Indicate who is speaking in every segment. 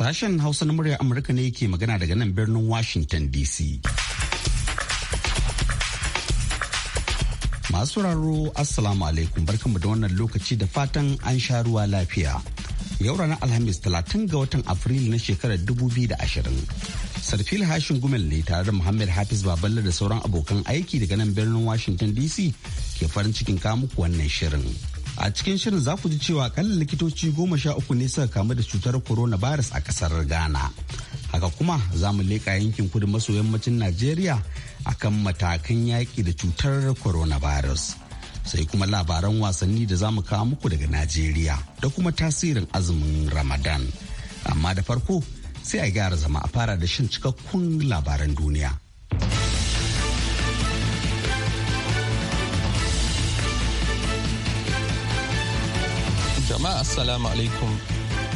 Speaker 1: Sashen Hausa na muryar Amurka ne yake magana daga nan birnin Washington DC. Masu raro Assalamu alaikum barkanmu da wannan lokaci da fatan an sha ruwa lafiya. Yau ranar Alhamis 30 ga watan Afrilu na shekarar 2020. Sarfil Hashin Gumel ne tare da Muhammad Hafiz Baballe da sauran abokan aiki daga nan birnin Washington DC ke farin cikin kamuku wannan shirin. a cikin shirin za ku ji cewa akalla likitoci goma sha uku ne suka kamu da cutar corona virus a kasar ghana haka kuma za mu leƙa yankin kudu maso yammacin najeriya akan matakan yaƙi da cutar coronavirus sai kuma labaran wasanni da za mu kawo muku daga najeriya da kuma tasirin azumin ramadan amma da farko sai a gyara zama a fara da shan cikakkun labaran duniya
Speaker 2: Jama'a Assalamu alaikum.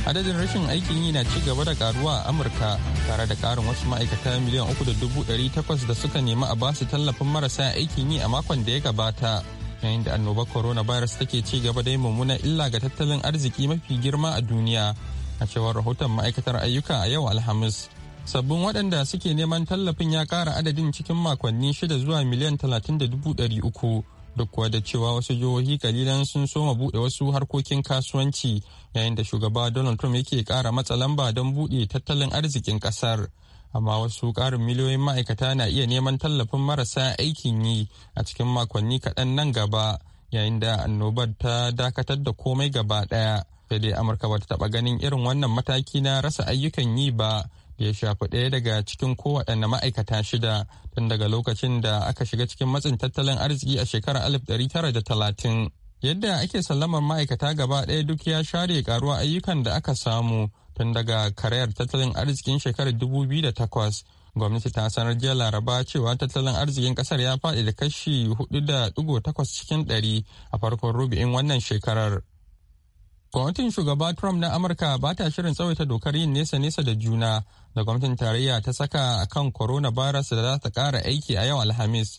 Speaker 2: Adadin rashin aikin yi na ci gaba da karuwa a Amurka tare da karin wasu ma'aikata miliyan uku da dubu ɗari takwas da suka nema a basu tallafin marasa aikin yi a makon da ya gabata. Yayin da annobar coronavirus take ci gaba da mummuna illa ga tattalin arziki mafi girma a duniya. A cewar rahoton ma'aikatar ayyuka a yau Alhamis. Sabbin waɗanda suke neman tallafin ya ƙara adadin cikin makonni shida zuwa miliyan talatin da dubu ɗari uku. duk kuwa da cewa wasu jihohi kalilan sun soma buɗe wasu harkokin kasuwanci yayin da shugaba donald trump yake ƙara matsa lamba don buɗe tattalin arzikin ƙasar amma wasu ƙarin miliyoyin ma'aikata na iya neman tallafin marasa aikin yi a cikin makonni kaɗan nan gaba yayin da annobar ta dakatar da komai gaba ɗaya sai dai amurka bata taɓa ganin irin wannan mataki na rasa ayyukan yi ba ya shafi ɗaya daga cikin kowaɗanne ma'aikata shida tun daga lokacin da aka shiga cikin matsin tattalin arziki a shekarar talatin Yadda ake sallamar ma'aikata gaba ɗaya duk ya share karuwa ayyukan da aka samu tun daga karayar tattalin arzikin shekarar 2008. Gwamnati ta sanar jiya Laraba cewa tattalin arzikin kasar ya faɗi da kashi hudu 4.8 cikin ɗari a farkon rubi'in wannan shekarar. Gwamnatin shugaba Trump na Amurka ba ta shirin tsawaita dokar yin nesa-nesa da juna da gwamnatin tarayya ta saka a kan coronavirus da za ta kara aiki a yau Alhamis.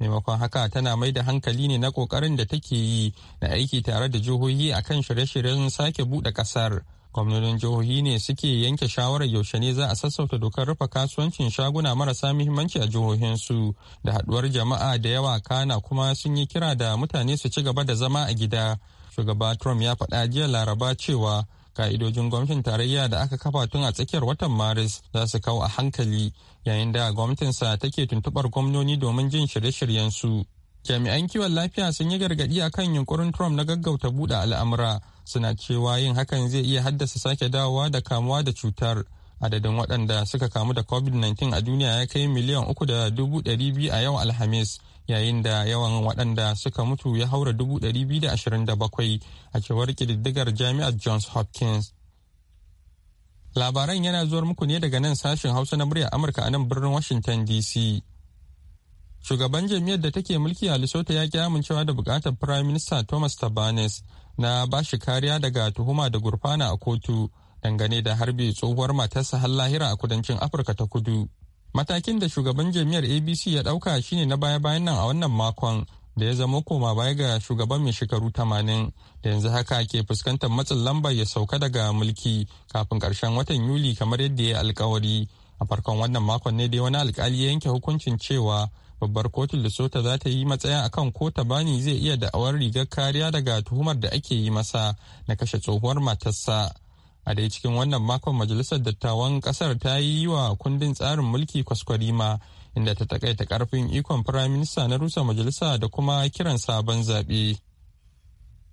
Speaker 2: Maimakon haka tana mai da hankali ne na kokarin da take yi na aiki tare da jihohi a kan shirye-shiryen sake buɗe ƙasar. Gwamnonin jihohi ne suke yanke shawarar yaushe ne za a sassauta dokar rufe kasuwancin shaguna marasa muhimmanci a jihohinsu da haduwar jama'a da yawa kana kuma sun yi kira da mutane su ci gaba da zama a gida. shugaba trump ya faɗa jiya laraba cewa ka'idojin gwamnatin tarayya da aka kafa tun a tsakiyar watan maris za su kawo a hankali yayin da gwamnatinsa take tuntubar gwamnoni domin jin shirye-shiryensu jami'an kiwon lafiya sun yi gargaɗi a kan yunkurin trump na gaggauta buɗe al'amura suna cewa yin hakan zai iya haddasa sake dawowa da kamuwa da cutar adadin waɗanda suka kamu da covid-19 a duniya ya kai miliyan uku da dubu ɗari biyu a yau alhamis yayin da yawan waɗanda suka mutu ya haura 227 a cewar ƙididdigar jami'ar johns hopkins labaran yana zuwar muku ne daga nan sashen hausa na murya amurka a nan birnin washington dc shugaban jami'ar da take mulki a lesotho ya ki amincewa da buƙatar prime minister thomas tabanes na ba shi kariya daga tuhuma da gurfana a kotu dangane da harbi tsohuwar matarsa har lahira a kudancin afirka ta kudu Matakin da shugaban jami'ar ABC ya ɗauka shine na baya-bayan nan a wannan makon da ya zama koma baya ga shugaban mai shekaru 80 da yanzu haka ke fuskantar matsin lamba ya sauka daga mulki kafin ƙarshen watan Yuli kamar yadda ya yi alkawari. A farkon wannan makon ne dai wani alkali ya yanke hukuncin cewa babbar kotun Lesotho za ta yi matsaya akan ko bani zai iya da'awar rigar kariya daga tuhumar da ake yi masa na kashe tsohuwar matarsa. a dai cikin wannan makon majalisar dattawan kasar ta yi wa kundin tsarin mulki kwaskwarima inda ta takaita karfin ikon firaminista na rusa majalisa da kuma kiran sabon zaɓe.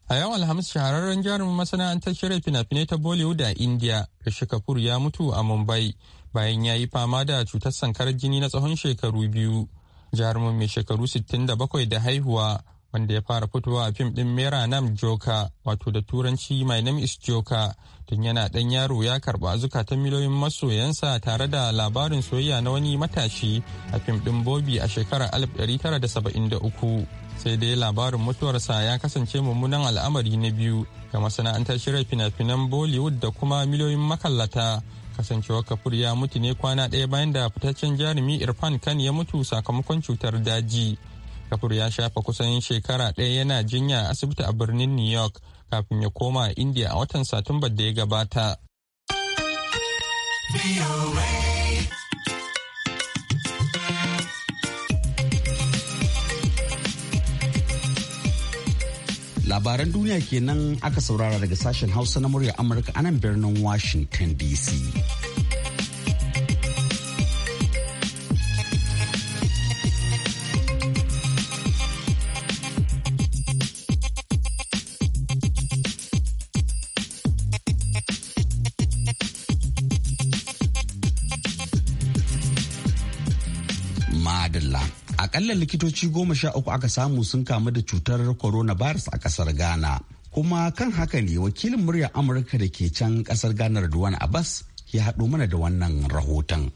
Speaker 2: a yau alhamis shahararren jarumin masana'antar shirya fina-finai ta bollywood a india rishi kapoor ya mutu a mumbai bayan ya yi fama da cutar sankarar jini na tsawon shekaru biyu jarumin mai shekaru 67 da haihuwa wanda ya fara fitowa a fim din mera nam joka wato da turanci my name is joka tun yana dan yaro ya karba azuka ta miliyoyin masoyansa tare da labarin soyayya na wani matashi a fim din bobi a shekarar 1973 sai dai labarin mutuwarsa ya kasance mummunan al'amari na biyu ga masana'antar shirya fina-finan bollywood da kuma miliyoyin makallata kasancewar kafur ya mutu ne kwana ɗaya bayan da fitaccen jarumi irfan kan ya mutu sakamakon cutar daji Kafur ya shafa kusan shekara ɗaya yana jinya a asibiti a birnin New York kafin ya koma India a watan Satumba da ya gabata.
Speaker 1: Labaran duniya kenan aka saurara daga sashen Hausa na murya Amurka anan birnin Washington DC. madalla akalla likitoci goma sha uku aka samu sun kamu da cutar coronavirus a kasar ghana kuma kan haka ne wakilin muryar amurka da ke can kasar ghana duwan abbas ya haɗo mana da wannan rahoton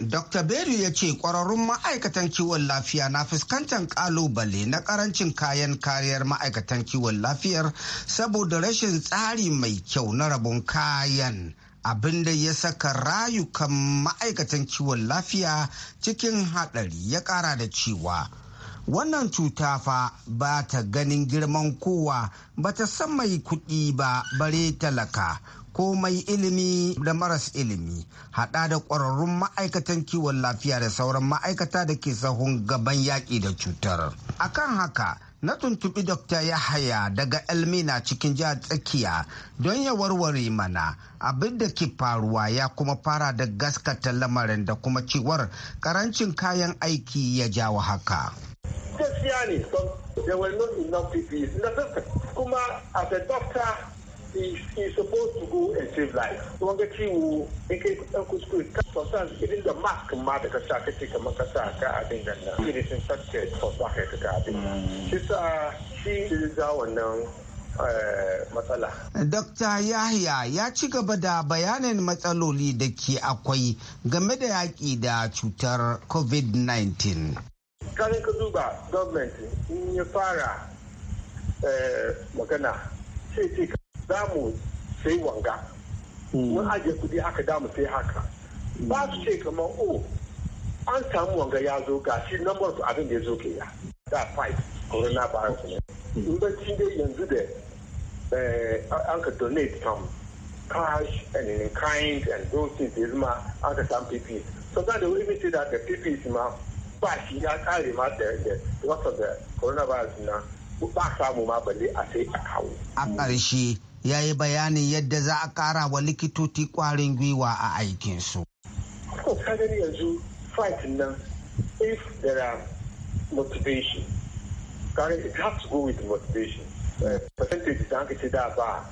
Speaker 3: Dr. Beru ya ce ƙwararrun ma'aikatan kiwon lafiya na fuskantar ƙalubale na ƙarancin kayan kariyar ma'aikatan kiwon lafiyar saboda rashin tsari mai kyau na rabon kayan abin da ya saka rayukan ma'aikatan kiwon lafiya cikin haɗari ya ƙara da cewa wannan cuta fa ba ta ganin girman kowa ba ta san mai kuɗi ba bare talaka ko mai ilimi da maras ilimi haɗa da ƙwararrun ma'aikatan kiwon lafiya da sauran ma'aikata da ke sahun gaban yaƙi da cutar akan haka na tuntubi Dr. Yahaya daga Elmina cikin jihar tsakiya don ya warware mana abin da ke faruwa ya kuma fara da gaskata lamarin da kuma ciwar karancin kayan aiki ya jawo haka.
Speaker 4: Gaskiya ne, there were enough in the Kuma as a doctor is supposed to go and save life kuma ga ciwo in kai dan kuskure ka sometimes idan da mask ma da ka sa ka ce kamar ka sa ka abin nan na it is infected for ba ka ka abin shi sa shi da wannan eh, matsala. Dokta
Speaker 3: Yahya ya ci gaba da bayanin matsaloli da ke akwai game da yaƙi da cutar COVID-19.
Speaker 4: Kare ka duba government in ya fara eh, magana sai ce za mu sai wanga hmm. mun ajiye kuɗi haka damu mu sai haka ba su ce kamar o oh, an samu wanga ya zo ga shi number su abin da ya zo ke ya da fight corona virus ne hmm. in bacci dai yanzu da eh, an ka donate from cash and in kind and those things da zama an ka samu pp so da da wani ce da ka pp ma ba shi ya kare ma da wasa da virus na ba samu ma balle a sai a kawo
Speaker 3: a ƙarshe ya yi bayanin yadda za a kara wa likitoci kwarin gwiwa a aikinsu.
Speaker 4: To kagar yanzu fight nan if there are motivation, kagar it has to go with motivation. Eh, percentage da aka ce da ba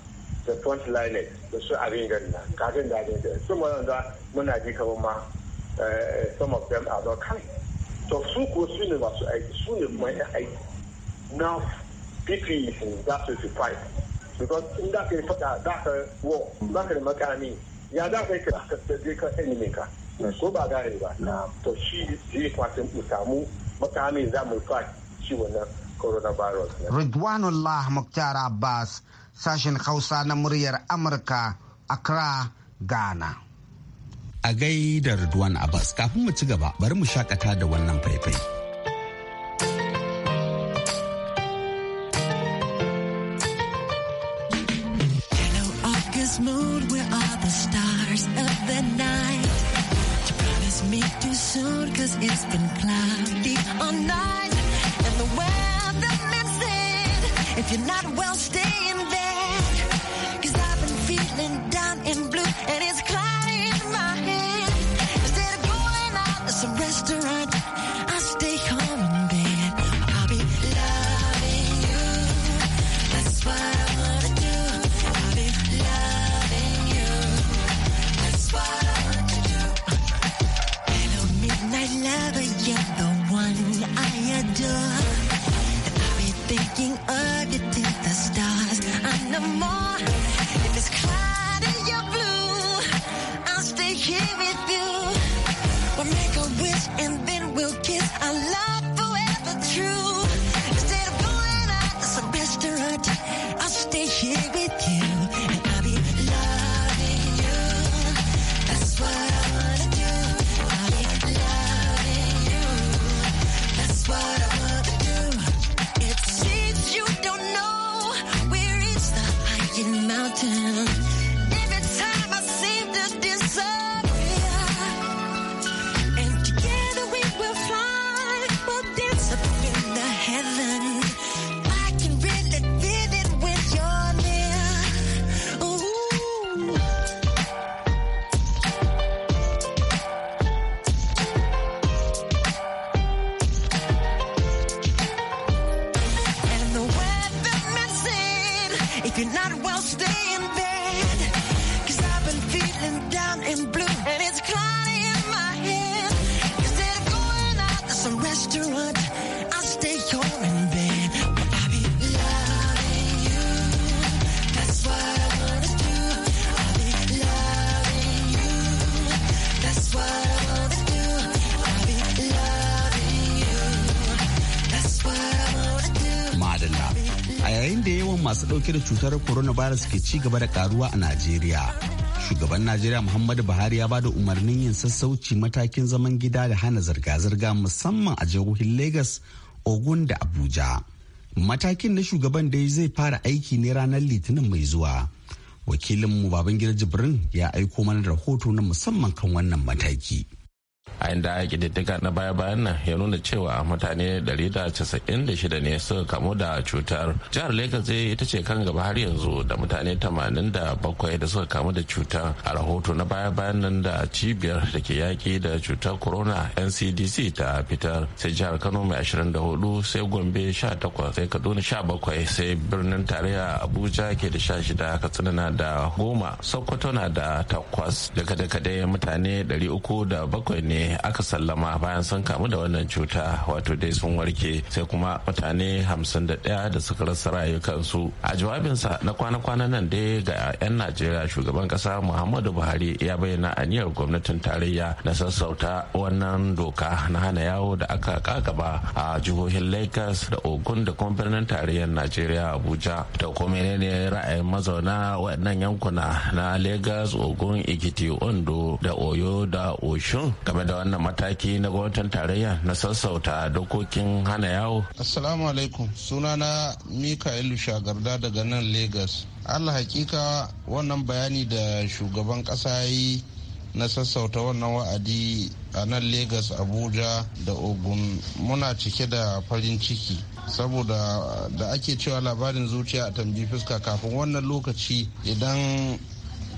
Speaker 4: the front line da su abin gani na kagar da abin da su mana da muna ji kamar ma eh, some of them are not kind. To su ko su ne masu aiki su ne kuma aiki. Now, PPE is in that way to fight. because in da ka yi faɗa da ka war ba da makami ya da ka yi ka je ka enemy ka ko ba gane ba to shi zai kwatin mu samu makami za mu fa shi wannan coronavirus
Speaker 3: Ridwanullah Muktar Abbas sashen Hausa na muryar Amurka Accra Ghana
Speaker 1: A gaidar Ridwan Abbas kafin mu ci gaba bari mu shakata da wannan faifai.
Speaker 5: you're not well stayed,
Speaker 1: dauke da cutar coronavirus ke ci gaba da karuwa a Najeriya. Shugaban Najeriya Muhammadu Buhari ya bada umarnin yin sassauci matakin zaman gida da hana zirga-zirga musamman a jihohin Lagos, Ogun da Abuja. Matakin na shugaban dai zai fara aiki ne ranar Litinin mai zuwa. Wakilinmu Babangida Jibrin ya aiko mana rahoto na musamman kan wannan mataki.
Speaker 6: a inda ƙididdiga na baya-bayan nan ya nuna cewa mutane 196 ne suka kamu da cutar jihar lagos zai ita ce kan gaba har yanzu da mutane 87 da suka kamu da cutar a rahoto na baya-bayan nan da cibiyar da ke yaƙi da cutar corona ncdc ta fitar sai jihar kano mai 24 sai gombe 18 sai kaduna 17 sai birnin tarayya abuja ke da sha shida, katsina na da goma sokoto na da takwas daga daga dai mutane 307 ne aka sallama bayan sun kamu da wannan cuta wato dai sun warke sai kuma mutane hamsin da ɗaya da suka rasa rayukansu a jawabinsa na kwana-kwana nan dai ga 'yan najeriya shugaban ƙasa muhammadu buhari ya bayyana aniyar gwamnatin tarayya na sassauta wannan doka na hana yawo da aka kakaba a jihohin lagos da ogun da kuma birnin tarayyar najeriya abuja da kuma ne ra'ayin mazauna waɗannan yankuna na lagos ogun ikiti ondo da oyo da oshun game da wannan mataki na gwamnatin tarayya na sassauta dokokin hana yawo
Speaker 7: assalamu alaikum sunana mika'ilu shagarda daga nan lagos allah hakika wannan bayani da shugaban kasa yi na sassauta wannan wa'adi a nan lagos abuja da ogun muna cike da farin ciki saboda da ake cewa labarin zuciya a tambi fuska kafin wannan lokaci idan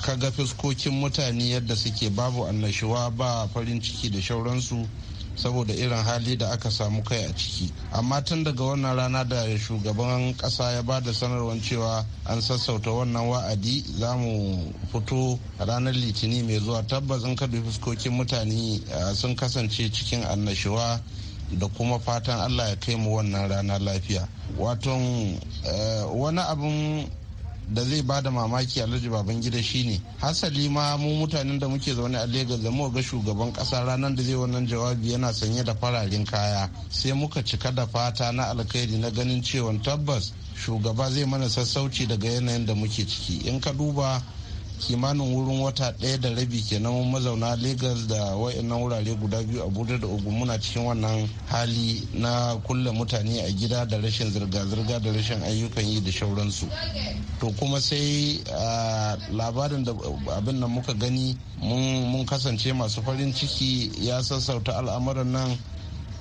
Speaker 7: kaga fuskokin mutane yadda suke babu annashuwa ba farin ciki da shauransu saboda irin hali da aka samu kai a ciki amma tun daga wannan rana da shugaban kasa ya ba da sanarwar cewa an sassauta wannan wa'adi za mu fito ranar litini mai zuwa tabbas in kaɗu fuskokin mutane sun kasance cikin annashuwa da kuma fatan allah ya kai mu wannan rana lafiya waton eh, wani abin da zai bada mamaki baban gida shine hasali ma mu mutanen da muke zaune a lagos da muka ga shugaban kasa ranar da zai wannan jawabi yana sanye da fararen kaya sai muka cika da fata na alkhairi na ganin cewa tabbas shugaba zai mana sassauci daga yanayin da muke ciki in ka duba kimanin wurin wata ɗaya da rabi kenan mazauna Legas da wa'annan wurare guda biyu Abuja da Ogun muna cikin wannan hali na kulle mutane a gida da rashin zirga-zirga da rashin ayyukan yi da shauransu. To kuma sai labarin da abin nan muka gani mun kasance masu farin ciki ya sassauta al'amuran nan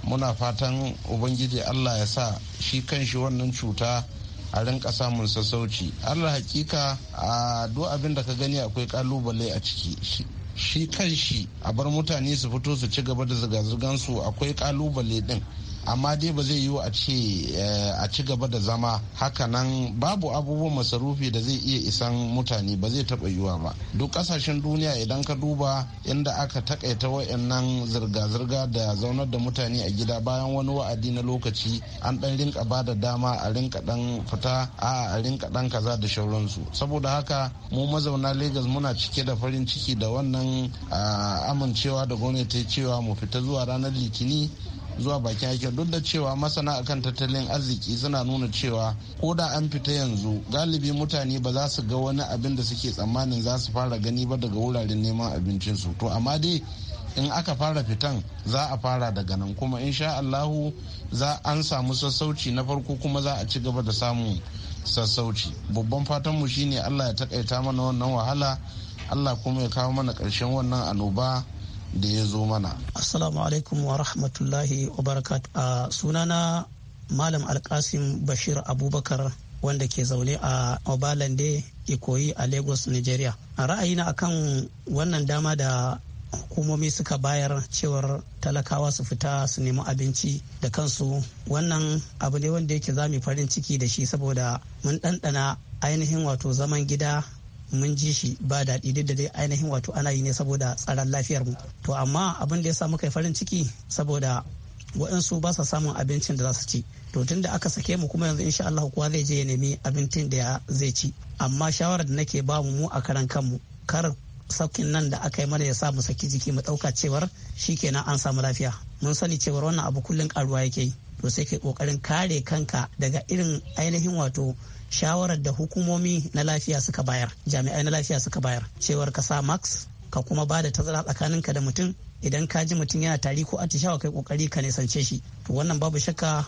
Speaker 7: muna fatan ubangiji Allah ya sa shi kan shi wannan cuta a rinka samun sassauci allah hakika a duk abin da ka gani akwai kalubale a ciki shi kan shi a bar mutane su fito su ci gaba da zirga-zirgansu akwai kalubale din amma dai ba zai yiwu a eh, a ci gaba da zama haka nan babu abubuwan masarufi da zai iya isan mutane ba zai taɓa yiwuwa ba duk ƙasashen duniya idan ka duba inda aka takaita wayannan zirga-zirga da zaunar da mutane a gida bayan wani wa'adi na lokaci an ɗan rinka ba da dama a rinka ɗan fita a a rinka ɗan kaza da shauransu saboda haka mu mazauna lagos muna cike da farin ciki da wannan ah, amincewa da gwamnati cewa mu fita zuwa ranar litini zuwa bakin aikin duk da cewa masana akan tattalin arziki suna nuna cewa ko da an fita yanzu galibi mutane ba za su ga wani abin da suke tsammanin za su fara gani ba daga wuraren neman abincinsu to amma dai in aka fara fitan za a fara daga nan kuma in sha allahu za an samu sassauci na farko kuma za a ci gaba da samun sassauci babban fatanmu shine allah ya takaita mana wannan wahala allah kuma ya kawo mana karshen wannan annoba da ya zo mana.
Speaker 8: Assalamu alaikum wa rahmatullahi wa barakat. A sunana Malam Alkasim Bashir Abubakar wanda ke zaune a Obalande Ikoyi a Lagos, Nigeria. A ra'ayina akan wannan dama da hukumomi suka bayar cewar talakawa su fita su nemi abinci da kansu wannan abu ne wanda yake zami farin ciki da shi saboda mun ɗanɗana ainihin wato zaman gida mun ji shi ba daɗi duk da dai ainihin wato ana yi ne saboda tsaron lafiyar mu to amma abin da ya sa muka farin ciki saboda waɗansu ba sa samun abincin da za su ci to tunda aka sake mu kuma yanzu insha Allah kowa zai je ya nemi abincin da ya zai ci amma shawarar da nake ba mu a karan kanmu kar saukin nan da aka yi mana ya sa mu saki jiki mu ɗauka cewar shikenan an samu lafiya mun sani cewar wannan abu kullum karuwa yake yi to sai kai kokarin kare kanka daga irin ainihin wato shawarar da hukumomi na lafiya suka bayar jami'ai na lafiya suka bayar cewar ka sa max ka kuma ba da tsakanin ka da mutum idan ka ji mutum yana tari ko atishawa kai kokari ka nisance shi to wannan babu shakka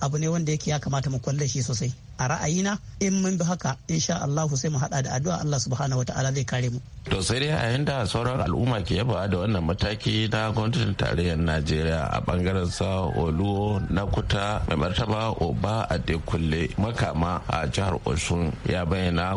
Speaker 8: abu ne wanda yake ya kamata mu kwalle shi sosai a ra'ayina in mun bi haka insha Allah sai mu hada da addu'a Allah subhanahu wataala zai kare mu
Speaker 6: to sai dai a yanda sauran al'umma ke yaba da wannan mataki na gwamnatin tarayyar Najeriya a bangaren sa na kuta mai martaba Oba Adekunle makama a jihar Osun ya bayyana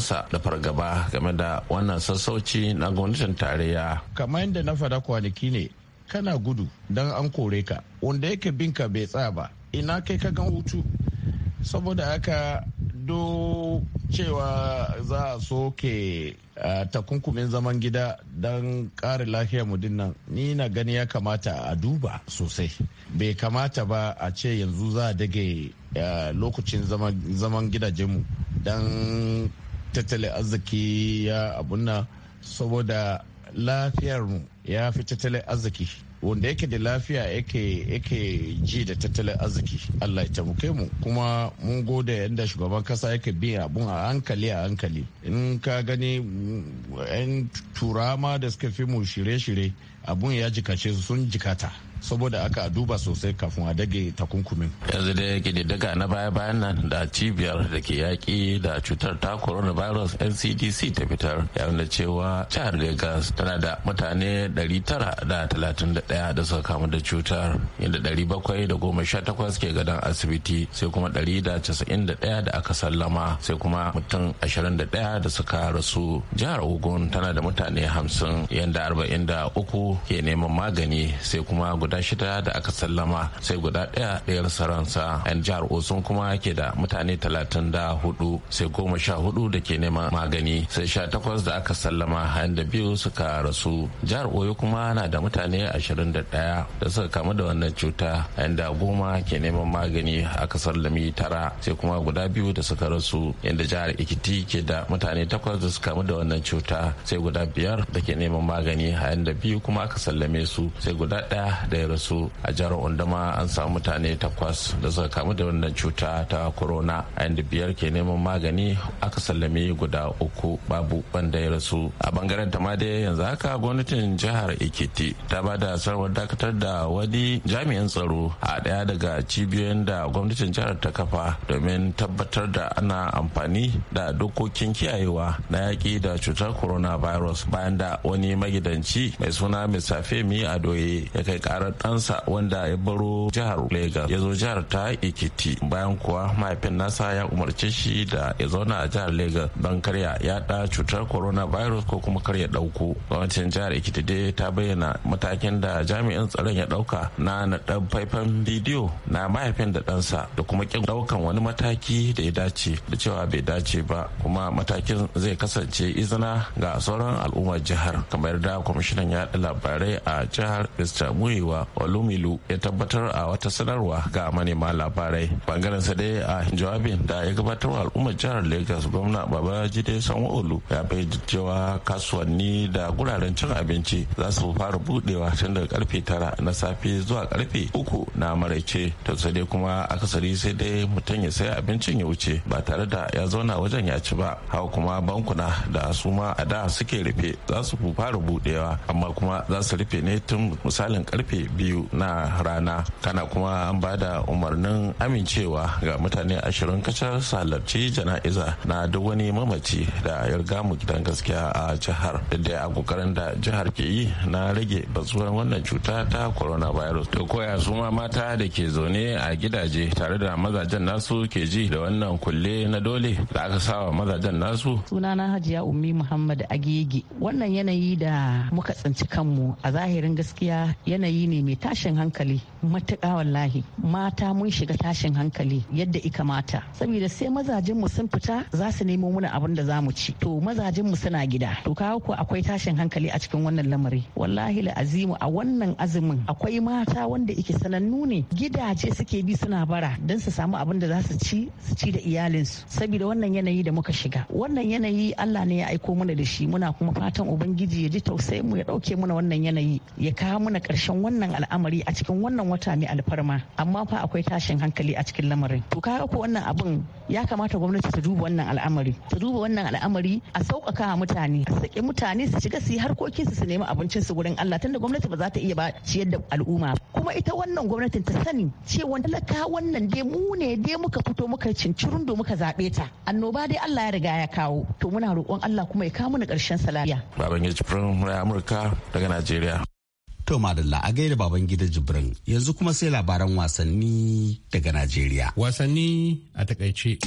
Speaker 6: sa da fargaba game da wannan sassauci na gwamnatin tarayya
Speaker 9: kamar yadda na fada kwanaki ne kana gudu don an kore ka wanda yake binka bai tsaya ba ina kai ka gan hutu saboda haka do cewa za a soke takunkumin zaman gida don kare lafiyar mu dinnan ni na gani ya kamata a duba sosai bai kamata ba a ce yanzu za a dage lokacin zaman mu don tattalin arziki ya abunna saboda mu ya fi tattalin arziki wanda yake da lafiya yake ji da tattalin arziki allah ya taimake mu kuma mun gode yadda shugaban kasa yake bin abun a hankali a hankali in ka gani mm, yan turama da suka fi mu shirye-shirye abun ya jikace su sun jikata saboda aka duba sosai kafin a dage takunkumin
Speaker 6: yanzu da yake daga na baya bayan nan da cibiyar da ke yaƙi da cutar ta coronavirus ncdc ta fitar ya nuna cewa jihar lagos tana da mutane 931 da suka kamu da cutar inda 718 ke gadon asibiti sai kuma 191 da aka sallama sai kuma mutum 21 da suka rasu jihar ogun tana da mutane 50 yadda 43 ke neman magani sai kuma guda shida da aka sallama sai guda ɗaya ɗayar saransa yan jihar osun kuma ke da mutane talatin da hudu sai goma sha hudu da ke neman magani sai sha takwas da aka sallama hayan da biyu suka rasu jihar oyo kuma na da mutane ashirin da ɗaya da suka kamu da wannan cuta yan da goma ke neman magani aka sallami tara sai kuma guda biyu da suka rasu inda jihar ikiti ke da mutane takwas da suka kamu da wannan cuta sai guda biyar da ke neman magani hayan da biyu kuma aka sallame su sai guda ɗaya da da ya rasu a jihar undama an samu mutane takwas da suka kamu da wannan cuta ta corona a inda biyar ke neman magani aka sallame guda uku babu wanda ya rasu a bangaren ta ma yanzu haka gwamnatin jihar ekiti ta ba da sarwar dakatar da wani jami'in tsaro a daya daga cibiyoyin da gwamnatin jihar ta kafa domin tabbatar da ana amfani da dokokin kiyayewa na yaƙi da cutar coronavirus bayan da wani magidanci mai suna a doye ya kai ƙarar ɗansa wanda ya baro jihar Legas ya zo jihar ta Ekiti bayan kuwa mahaifin nasa ya umarce shi da ya zauna a jihar Legas. don karya yaɗa cutar coronavirus ko kuma karya ɗauko. Gwamnatin jihar Ekiti dai ta bayyana matakin da jami'in tsaron ya ɗauka na naɗan faifan bidiyo na mahaifin da ɗansa da kuma ƙin ɗaukan wani mataki da ya dace da cewa bai dace ba kuma matakin zai kasance izina ga sauran al'ummar jihar kamar da kwamishinan yaɗa labarai a jihar Mr. Muyiwa cewa olumilu ya tabbatar a wata sanarwa ga manema labarai bangaren sa dai a jawabin da ya gabatar wa al'ummar jihar lagos gwamna babajide sanwo-olu ya bai cewa kasuwanni da guraren cin abinci za su fara budewa tun daga karfe tara na safe zuwa karfe uku na maraice to sai dai kuma akasari sai dai mutum ya sai abincin ya wuce ba tare da ya zauna wajen ya ci ba hawa kuma bankuna da su ma a da suke rufe za su fara budewa amma kuma za su rufe ne tun misalin karfe biyu na rana kana kuma an ba da umarnin amincewa ga mutane ashirin kasar su halarci jana'iza na duk wani mamaci da ya riga mu gidan gaskiya a jihar da a kokarin da jihar ke yi na rage bazuwar wannan cuta ta coronavirus da koya su ma mata da ke zaune a gidaje tare da mazajen nasu ke ji da wannan kulle na dole da aka sawa mazajen nasu
Speaker 10: sunana hajiya ummi muhammad agege wannan yanayi da muka tsinci kanmu a zahirin gaskiya yanayi ne ne mai tashin hankali matuƙa wallahi mata mun shiga tashin hankali yadda ika mata saboda sai mazajen mu sun fita za su nemo mana abin da za mu ci to mazajen mu suna gida to kawo ko akwai tashin hankali a cikin wannan lamari wallahi la la'azimu a wannan azumin akwai mata wanda ike sanannu ne gidaje suke bi suna bara don su samu abin da za su ci su ci da iyalinsu saboda wannan yanayi da muka shiga wannan yanayi Allah ne ya aiko mana da shi muna kuma fatan ubangiji ya ji tausayin mu ya dauke mana wannan yanayi ya kawo mana karshen wannan wannan al'amari a cikin wannan wata mai alfarma amma fa akwai tashin hankali a cikin lamarin to kaga ko wannan abun ya kamata gwamnati ta duba wannan al'amari ta duba wannan al'amari a sauƙaƙa mutane a saki mutane su shiga su yi harkoki su su nemi abincin su gurin Allah tunda gwamnati ba za ta iya ba ciyar da al'umma kuma ita wannan gwamnatin ta sani cewa talaka wannan dai mu ne dai muka fito muka cincirin do muka zaɓe ta annoba dai Allah ya riga ya kawo to muna roƙon Allah kuma ya kawo mana ƙarshen sa
Speaker 1: baban ya ci Amurka daga Najeriya To madalla a gaida baban gida jibrin yanzu kuma sai labaran wasanni daga Najeriya. Wasanni
Speaker 11: a takaice.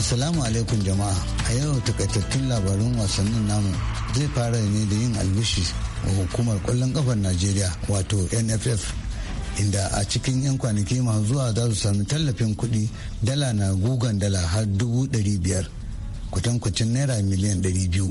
Speaker 11: Assalamu alaikum jama'a a yau takaitattun labarin wasannin namu zai fara ne da yin albishi a hukumar kwallon kafar Najeriya wato NFF inda a cikin 'yan kwanaki masu zuwa za su sami tallafin kudi dala na gugan dala har dubu ɗari biyar kwatankwacin naira miliyan 200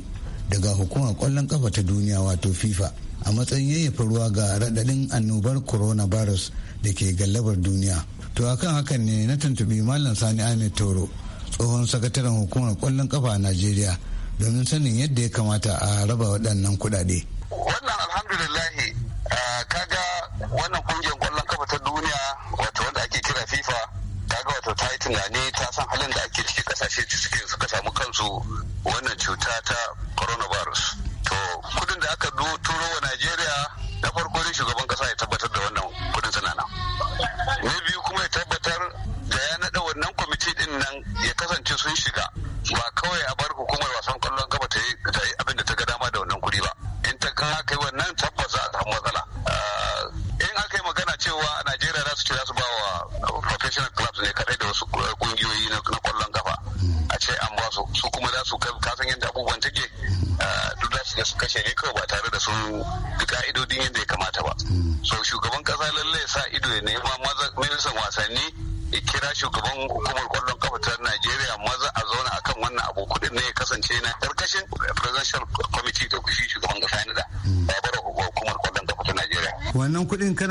Speaker 11: daga hukumar kwallon kafa ta duniya wato fifa a matsayin yayyafa ruwa ga radadin annobar coronavirus da ke gallabar duniya to akan hakan ne na tuntubi Mallam sani ahmed toro tsohon sakataren hukumar kwallon kafa a najeriya domin sanin yadda ya kamata a raba waɗannan kuɗaɗe. wannan
Speaker 3: alhamdulillahi eh, kaga wannan duniya ne ta san halin da ake ciki kasashe
Speaker 11: suke suka samu kansu wannan cuta ta coronavirus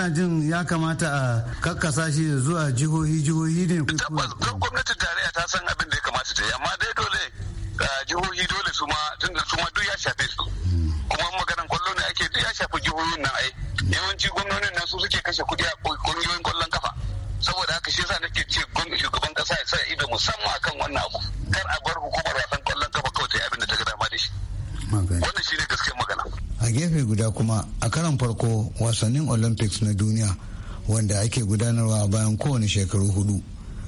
Speaker 11: kana jin ya kamata a kakkasa shi zuwa jihohi jihohi ne tabbas gwamnatin tarayya ta san abin da ya kamata ta yi amma dai dole jihohi dole su ma da su ma duk ya shafe su kuma maganan kwallo ne ake duk ya shafi jihohin nan ai yawanci gwamnonin nan su suke kashe kudi a kungiyoyin kwallon kafa saboda haka shi yasa nake ce shugaban kasa ya sa ido musamman akan wannan abu kar a bar hukumar gefe guda kuma a karan farko wasannin olympics na duniya wanda ake gudanarwa bayan kowane shekaru hudu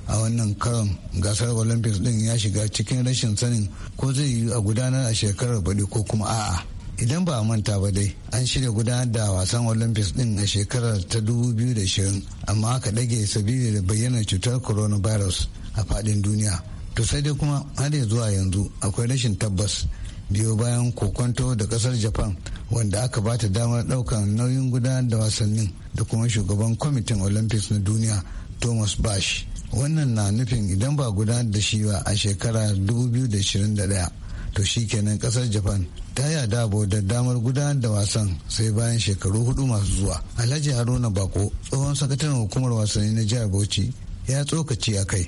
Speaker 11: a wannan karon gasar olympics din ya shiga cikin rashin sanin ko zai yi a gudanar a shekarar baɗi ko kuma a'a idan ba a manta ba dai an shirya gudanar da wasan olympics din a shekarar ta da shirin amma aka ɗage sabili da bayyanar cutar coronavirus a faɗin duniya to sai dai kuma har zuwa yanzu akwai rashin tabbas biyo bayan kokonto da kasar japan wanda aka ba ta damar ɗaukan nauyin gudanar da wasannin da kuma shugaban kwamitin olympics na duniya thomas bash wannan na nufin idan ba gudanar da shi ba a shekara 2021 to shi shikenan kasar japan ta yada abo da damar gudanar da wasan sai bayan shekaru hudu masu zuwa alhaji haruna bako tsohon sakataren hukumar wasanni na jihar bauchi ya tsokaci a kai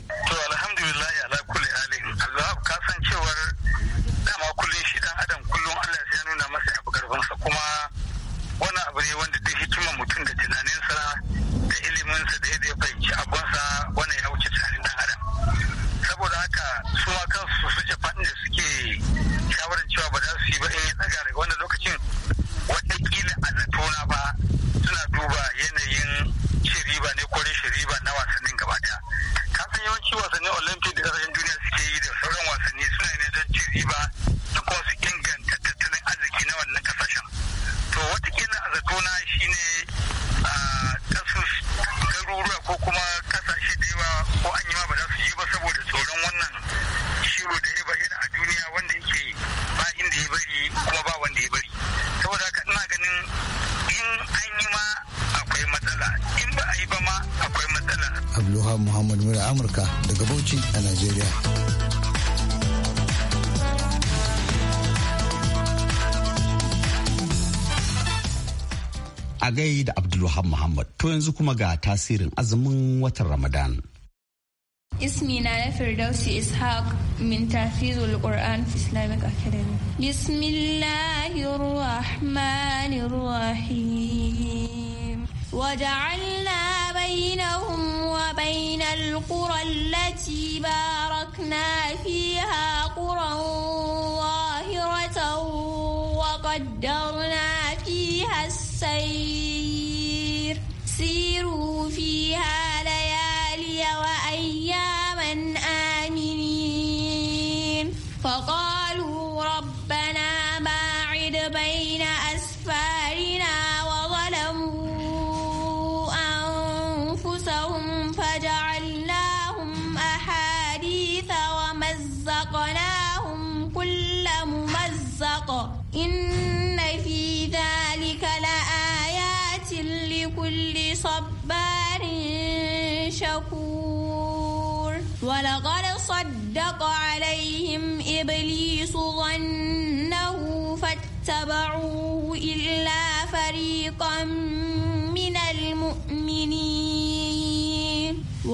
Speaker 11: Muhammad Mura Amurka daga Bauchi a Najeriya. A gai da
Speaker 1: Abdulwahab Muhammad to yanzu kuma ga tasirin azumin watan Ramadan.
Speaker 12: ismina na firdausi tafizu min qur'an fi Islamic Academy بسم الله الرحمن بينهم وبين القرى التي باركنا فيها قرى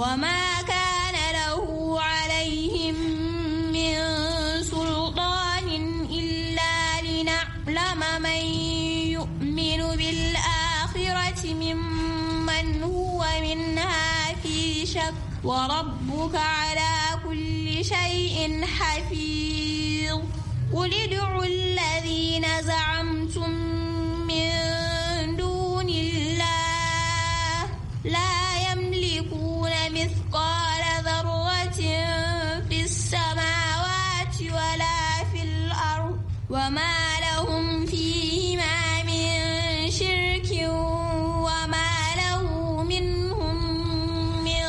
Speaker 12: وما كان له عليهم من سلطان إلا لنعلم من يؤمن بالآخرة ممن هو منها في شك وربك على كل شيء حفيظ قل ادعوا الذين زعمتم من دون الله لا وما لهم فيهما من شرك وما له منهم من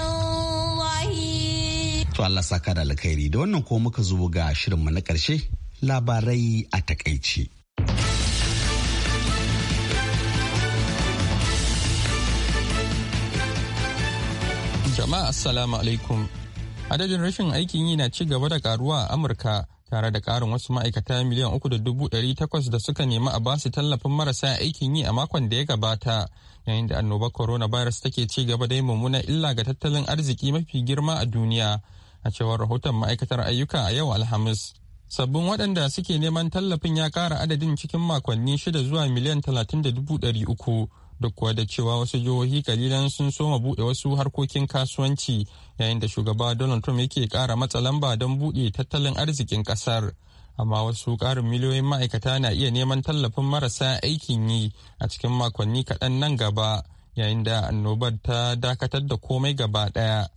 Speaker 1: Allah saka da alkhairi da wannan ko muka zo ga shirin mu na ƙarshe labarai a takaici.
Speaker 2: Jama'a Assalamu alaikum. Adadin rashin aikin yi na ci gaba da karuwa a Amurka tare da ƙarin wasu ma'aikata miliyan uku da dubu ɗari takwas da suka nemi a basu tallafin marasa aikin yi a makon da ya gabata yayin da annobar coronavirus take ci gaba da mummuna illa ga tattalin arziki mafi girma a duniya a cewar rahoton ma'aikatar ayyuka a yau alhamis sabbin waɗanda suke neman tallafin ya ƙara adadin cikin makonni shida zuwa miliyan talatin da dubu ɗari uku duk kuwa da cewa wasu jihohi kalilan sun soma buɗe wasu harkokin kasuwanci yayin da shugaba donald trump yake kara matsa lamba don buɗe tattalin arzikin ƙasar amma wasu ƙarin miliyoyin ma'aikata na iya neman tallafin marasa aikin yi a cikin makonni kaɗan nan gaba yayin da annobar ta dakatar da komai gaba ɗaya.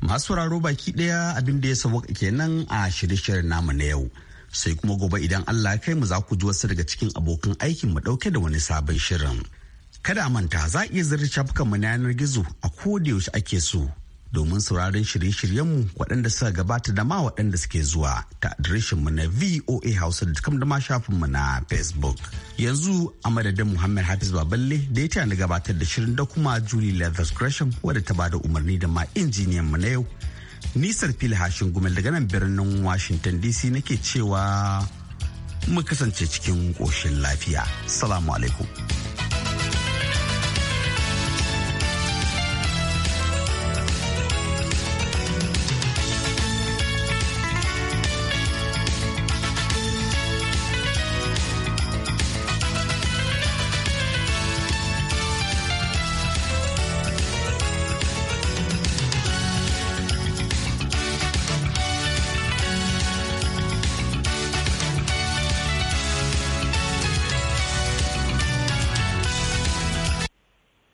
Speaker 1: masu sauraro baki ɗaya abin da ya samu kenan a shirye-shiryen namu na yau sai kuma gobe idan allah ya kai mu za ku ji wasu daga cikin abokan aikin mu ɗauke da wani sabon shirin. Kada a manta za a iya zirta shafukanmu na yanar gizo a yaushe ake so domin sauraron shirye-shiryenmu waɗanda suka gabata da ma waɗanda suke zuwa ta adireshinmu na voa hausa da kam da ma shafinmu na facebook yanzu a madadin muhammad hafiz baballe da ya tana gabatar da shirin da kuma julie leathers gresham wadda ta bada umarni da ma injiniyan mu na yau nisar fili hashin gumel daga nan birnin washington dc nake cewa mu kasance cikin ƙoshin lafiya salamu alaikum